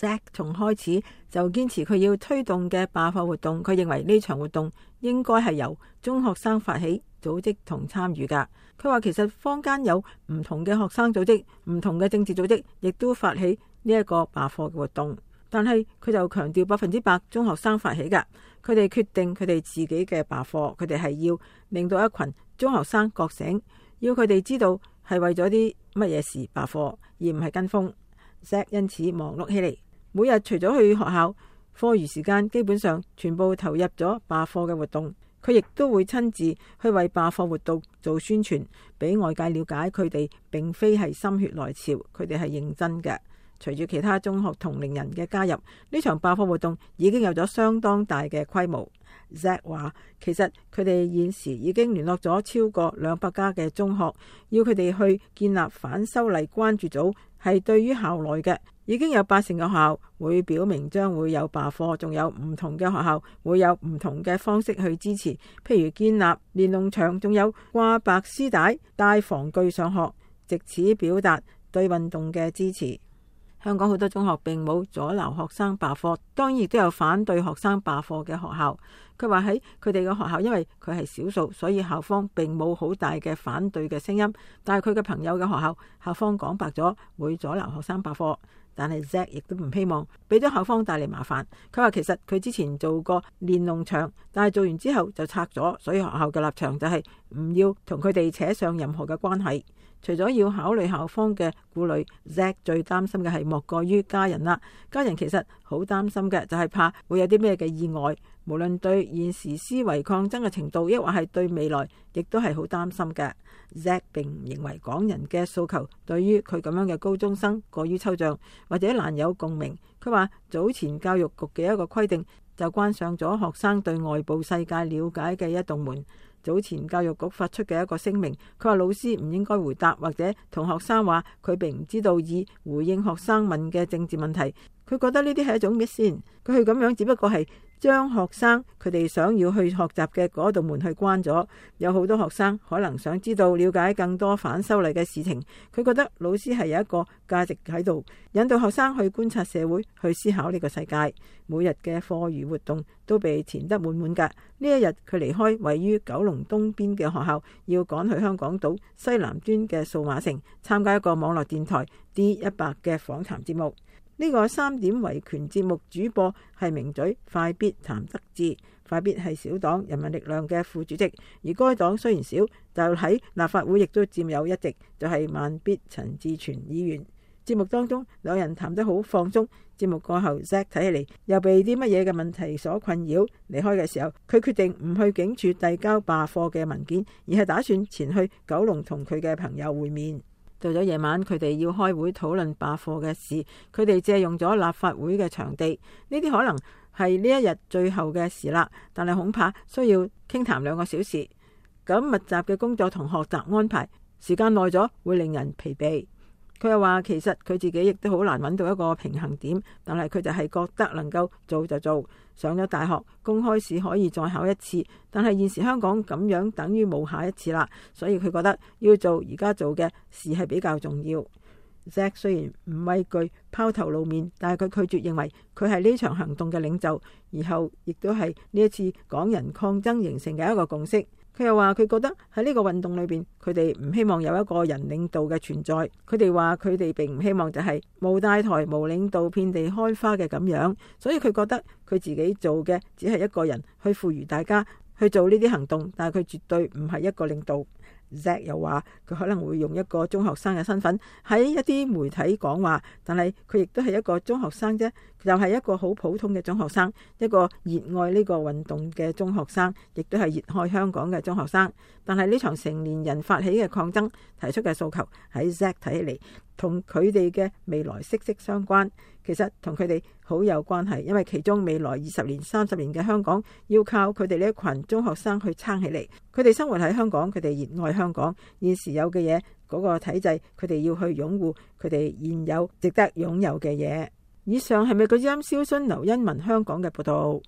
Zack 從開始就堅持佢要推動嘅罷課活動。佢認為呢場活動應該係由中學生發起、組織同參與㗎。佢話其實坊間有唔同嘅學生組織、唔同嘅政治組織，亦都發起呢一個罷課活動，但係佢就強調百分之百中學生發起㗎。佢哋決定佢哋自己嘅罷課，佢哋係要令到一群中學生覺醒，要佢哋知道係為咗啲乜嘢事罷課，而唔係跟風。Zack 因此忙碌起嚟。每日除咗去學校，課餘時間基本上全部投入咗罷課嘅活動。佢亦都會親自去為罷課活動做宣傳，俾外界了解佢哋並非係心血來潮，佢哋係認真嘅。隨住其他中學同齡人嘅加入，呢場罷課活動已經有咗相當大嘅規模。Zack 話其實佢哋現時已經聯絡咗超過兩百家嘅中學，要佢哋去建立反修例關注組，係對於校內嘅已經有八成嘅學校會表明將會有罷課，仲有唔同嘅學校會有唔同嘅方式去支持，譬如建立連儂牆，仲有掛白絲帶、戴防具上學，借此表達對運動嘅支持。香港好多中學並冇阻撓學生罷課，當然亦都有反對學生罷課嘅學校。佢話喺佢哋嘅學校，因為佢係少數，所以校方並冇好大嘅反對嘅聲音。但係佢嘅朋友嘅學校，校方講白咗會阻撓學生罷課。但係 Zack 亦都唔希望俾咗校方帶嚟麻煩。佢話其實佢之前做過連儂牆，但係做完之後就拆咗，所以學校嘅立場就係、是、唔要同佢哋扯上任何嘅關係。除咗要考慮校方嘅顧慮，Zack 最擔心嘅係莫過於家人啦。家人其實好擔心嘅就係怕會有啲咩嘅意外，無論對現時思維抗爭嘅程度，亦或係對未來，亦都係好擔心嘅。Zack 並唔認為港人嘅訴求對於佢咁樣嘅高中生過於抽象。或者難有共鳴。佢話：早前教育局嘅一個規定，就關上咗學生對外部世界了解嘅一道門。早前教育局發出嘅一個聲明，佢話老師唔應該回答或者同學生話佢並唔知道，以回應學生問嘅政治問題。佢覺得呢啲係一種咩先？佢去咁樣只不過係將學生佢哋想要去學習嘅嗰道門去關咗。有好多學生可能想知道了解更多反修例嘅事情。佢覺得老師係有一個價值喺度，引導學生去觀察社會，去思考呢個世界。每日嘅課餘活動都被填得滿滿噶。呢一日佢離開位於九龍同東邊嘅學校要趕去香港島西南端嘅數碼城，參加一個網絡電台 D100 嘅訪談節目。呢、這個三點維權節目主播係名嘴快必譚德志，快必係小黨人民力量嘅副主席，而該黨雖然少，就喺立法會亦都佔有一席，就係、是、慢必陳志全議員。節目當中，兩人談得好放鬆。節目過後，Zack 睇起嚟又被啲乜嘢嘅問題所困擾。離開嘅時候，佢決定唔去警署遞交罷課嘅文件，而係打算前去九龍同佢嘅朋友會面。到咗夜晚，佢哋要開會討論罷課嘅事，佢哋借用咗立法會嘅場地。呢啲可能係呢一日最後嘅事啦，但係恐怕需要傾談、談兩個小時。咁密集嘅工作同學習安排，時間耐咗會令人疲憊。佢又話：其實佢自己亦都好難揾到一個平衡點，但係佢就係覺得能夠做就做。上咗大學，公開試可以再考一次，但係現時香港咁樣，等於冇下一次啦。所以佢覺得要做而家做嘅事係比較重要。Zack 雖然唔畏懼拋頭露面，但係佢拒絕認為佢係呢場行動嘅領袖，然後亦都係呢一次港人抗爭形成嘅一個共識。佢又話佢覺得喺呢個運動裏邊，佢哋唔希望有一個人領導嘅存在。佢哋話佢哋並唔希望就係冇大台、冇領導、遍地開花嘅咁樣。所以佢覺得佢自己做嘅只係一個人去賦予大家去做呢啲行動，但係佢絕對唔係一個領導。Zack 又話佢可能會用一個中學生嘅身份喺一啲媒體講話，但係佢亦都係一個中學生啫。又係一個好普通嘅中學生，一個熱愛呢個運動嘅中學生，亦都係熱愛香港嘅中學生。但係呢場成年人發起嘅抗爭，提出嘅訴求喺 Zack 睇起嚟，同佢哋嘅未來息息相關。其實同佢哋好有關係，因為其中未來二十年、三十年嘅香港，要靠佢哋呢一群中學生去撐起嚟。佢哋生活喺香港，佢哋熱愛香港，現時有嘅嘢，嗰個體制，佢哋要去擁護，佢哋現有值得擁有嘅嘢。以上係美國之音消息，劉恩文香港嘅報道。